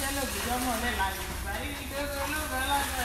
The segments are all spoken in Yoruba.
যেন ভিডিও মনে লাগে ভাই ভিডিও করলেও ভালো লাগে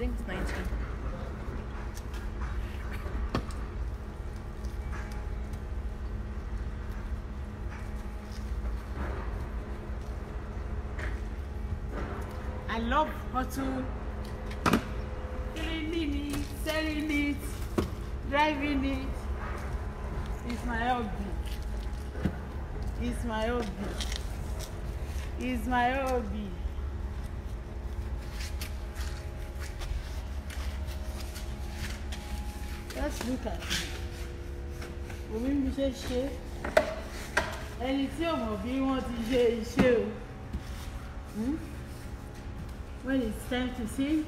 think it's 19. I love auto cleaning it, selling it, driving it. It's my hobby. It's my hobby. It's my hobby. look at omi mi ṣe ṣe ẹni tí ò mọ̀ bí wọ́n ti ṣe iṣẹ́ o hmm? when it's time to sing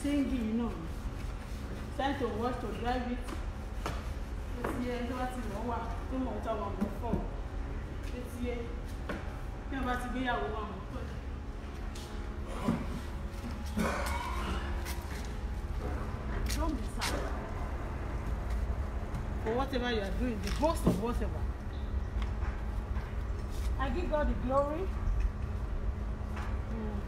sing you know time to watch to drive it ó ti yẹ tó bá ti lọ wà tó mọ̀ ọ́ tó àwọn ọmọ fọ̀ ó ti yẹ tí wọ́n bá ti gbéyàwó wà mọ́ pẹ̀lú. Don't be sad for whatever you are doing, the host of whatever. I give God the glory. Mm.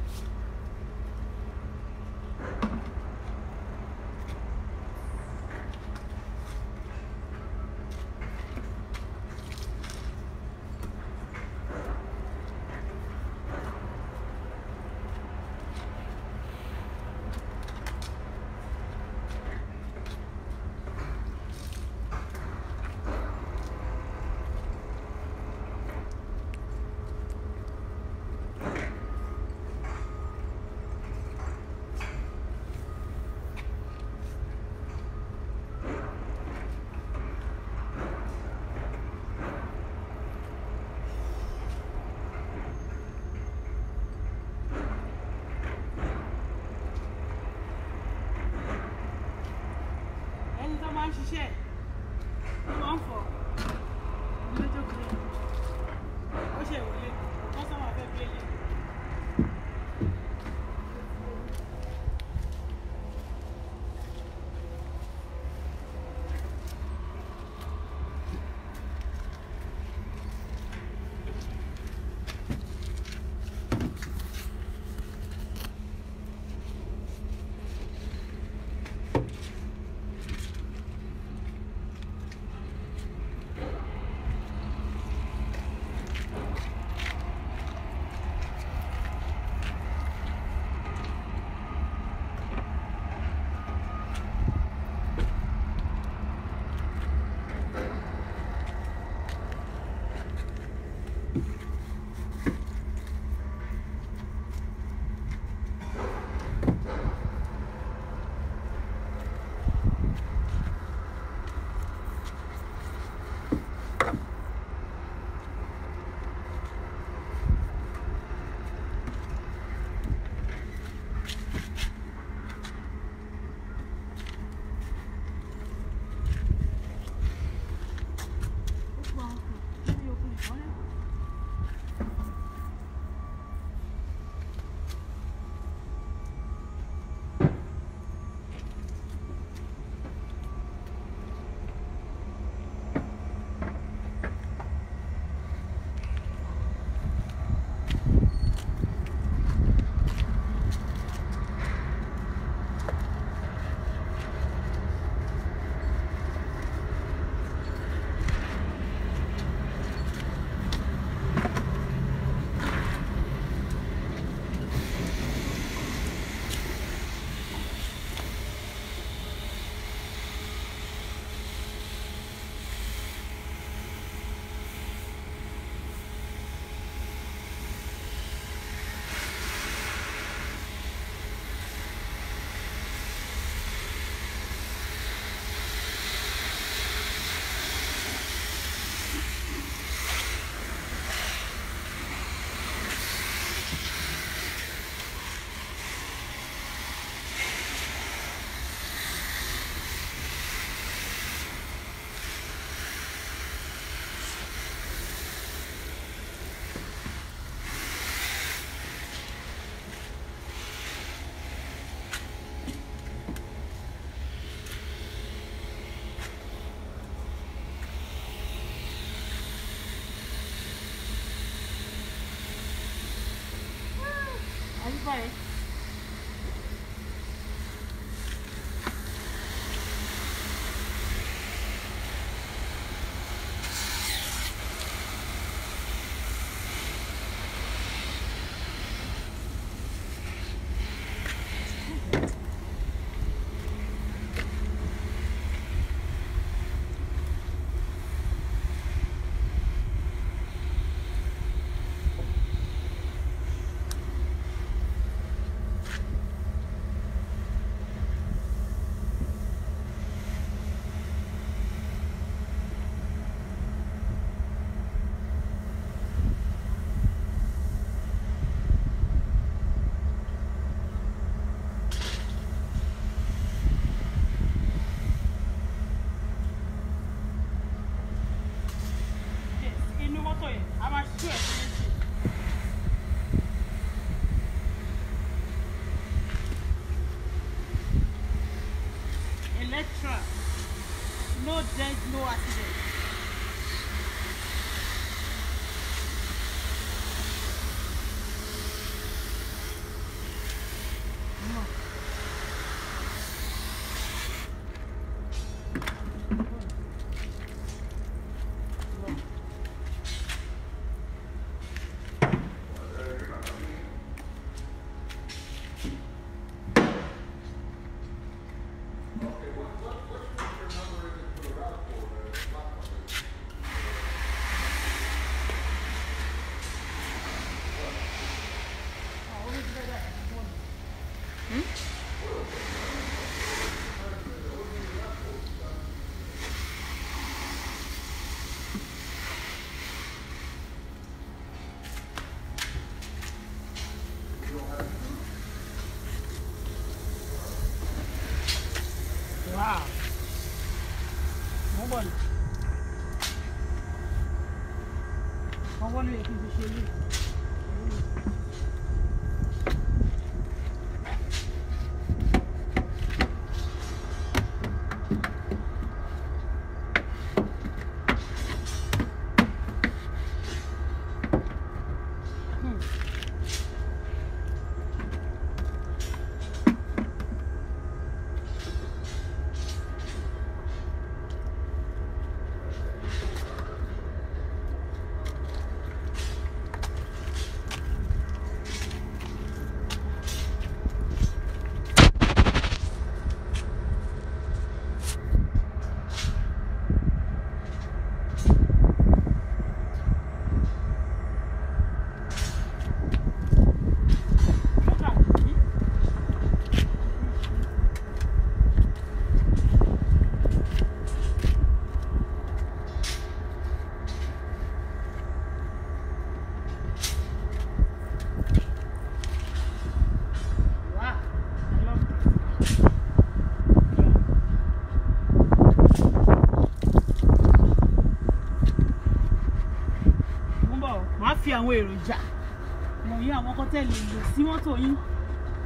mọ́tò yín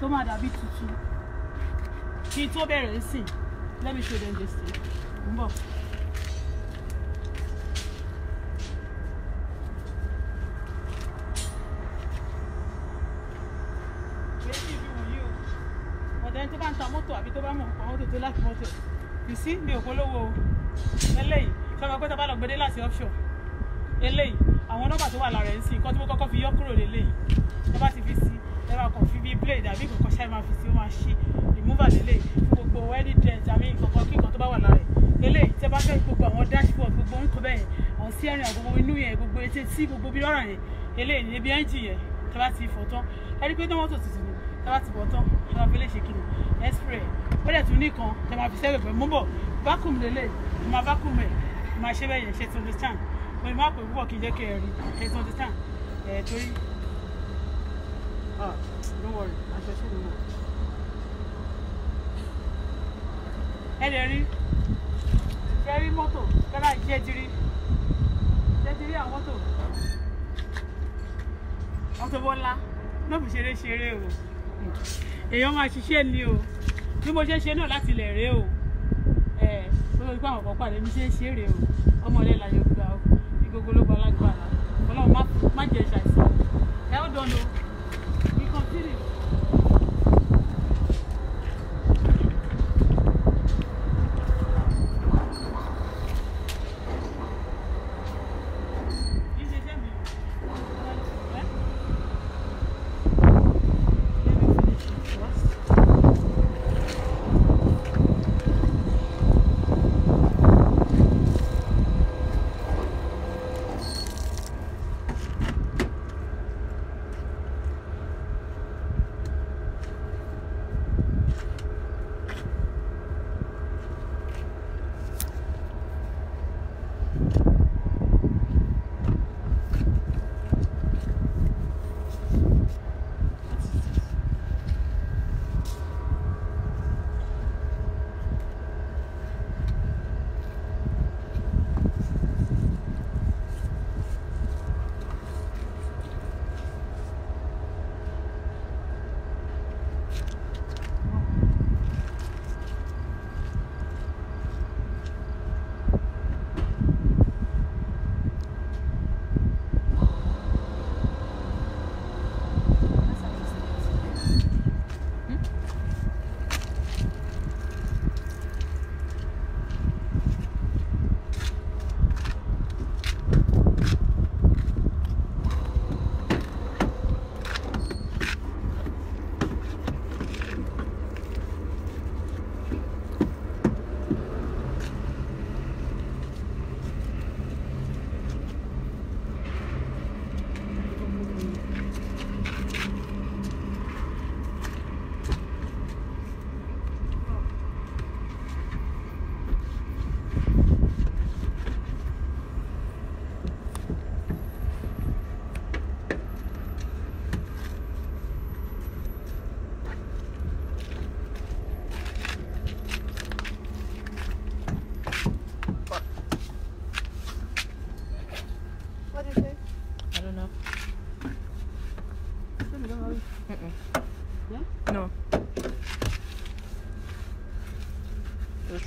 tó máa dàbí tuntun kí tó bẹ̀rẹ̀ sìn let me show them this thing ń bọ̀. tó bá ń ta mọ́tò àbí tó bá mọ̀ nǹkan mọ́tò tó láti mọ́tò you see mi ò polówó o eléyìí sọ ma pé tó bá lọ gbẹdẹ láti offshore eléyìí àwọn nọ́mbà tó wà lára ẹ̀ ń sìn nǹkan tí mo kọ́kọ́ fi yọ kúrò lélẹ́yìí tó bá ti fi sí tẹ́wà kan fi bíi blade àbí kankan ṣáà máa fi sí ó máa ṣí remover lélẹ̀ fún gbogbo any dress àmì kankan kí nǹkan tó bá wà lára ẹ̀ lélẹ̀ tẹ́ bá fẹ́ gbogbo àwọn dashboard gbogbo nǹkan bẹ́ẹ̀ àwọn steering àgbogbo inú yẹn gbogbo etí tí gbogbo bí lọ́rọ̀ yẹn eléyìí níbi ẹ́ńjì yẹn tẹ́ bá ti fọ̀ tán ẹni pé tọ́mọ́tò tuntun ni tẹ́ bá ti fọ̀ tán tẹ́ bá fi lè ṣe kìnnì ẹ́sprẹ̀ ó dẹ̀ tún nìkan tẹ́ máa fi sẹ́gbẹ̀ pẹ̀ mú bọ̀ vacuum lélẹ̀ tẹ́ máa vacuum ẹ̀ máa ṣe bẹ́ẹ̀ yẹn ṣe to understand mo máa pè púpọ̀ kí n jẹ́ kí ẹ rí ṣe to understand ẹ̀ torí Oh, don't worry. I shall show you more. Ẹ lè rí. Ṣé rí mọ́tò? Kẹ́lá ìṣe ti rí. Ṣé ti rí àwọn mọ́tò? Mọ́tò bọ́lá. Náà fi ṣeré ṣeré o. Èèyàn máa ṣiṣẹ́ ni o. Bí mo ṣe ṣe náà láti ilẹ̀ rèé o. Ẹ̀ tó lójú àwọn kan pàdé mi ṣe é ṣe é rèé o. Oh. Ọmọ ilé la yóò gbà o. Igogo ló gba alágbára. Ọlọ́run má jẹ́ ṣàìsàn. Ẹ ó dán o. Continue.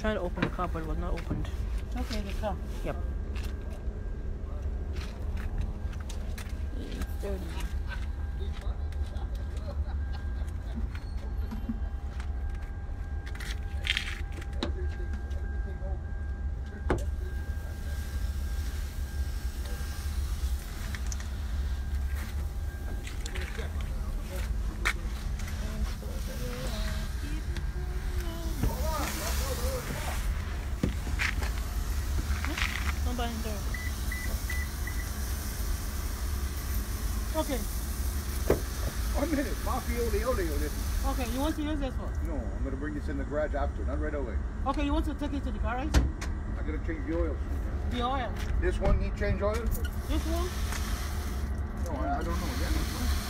trying to open the cupboard, was not opened. Okay, let's go. Yep. Okay, you want to use this one? No, I'm gonna bring this in the garage after, not right away. Okay, you want to take it to the garage? I'm gonna change the oil. The oil. This one need change oil? This one? No, I, I don't know. Yeah,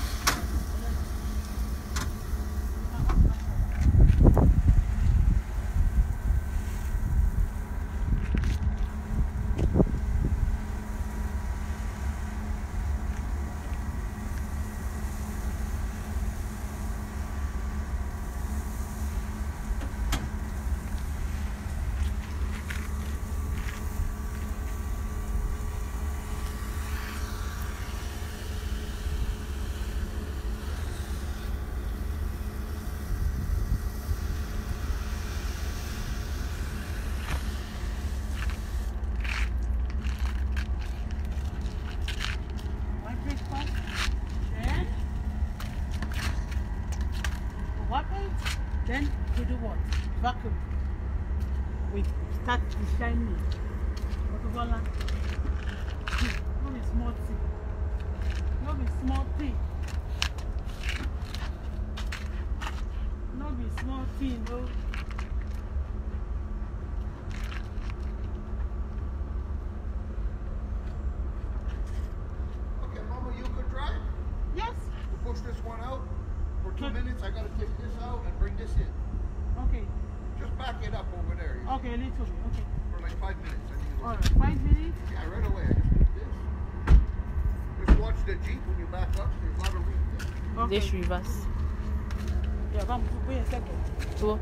start no small thing. No small thing. No small thing, Okay, Mama, you could drive? Yes. will push this one out. For two minutes, I gotta take this out and bring this in. Okay. Just back it up. Okay, a little. bit. Okay. For like five minutes. All right, five minutes? Yeah, right away. I just did this. Just watch the Jeep when you back up. There's a lot of reef there. Okay. This reverse. Yeah, vamos. Wait a second. Boa.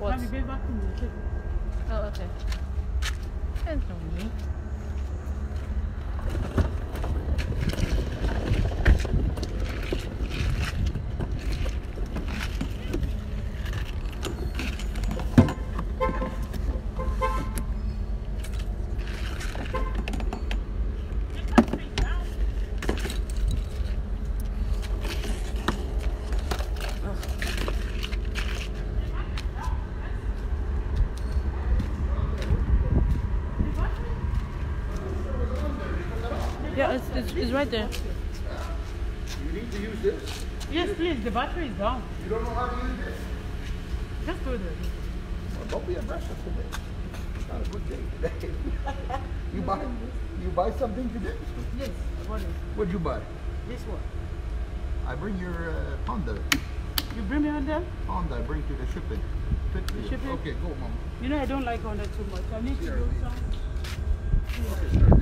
What? Let me get back to me. Oh, okay. There's no need. it's, it's right there. You need to use this? Yes, please. The battery is down. You don't know how to use this? Just do this. Well, don't be aggressive today. It's not a good day today. you buy you buy something today? Yes. What is? What'd you buy? This one. I bring your uh, Honda. You bring me Honda? Honda. I bring to the shipping. Fit the shipping. Okay, go, mom. You know I don't like Honda too much. I need to do something. Okay,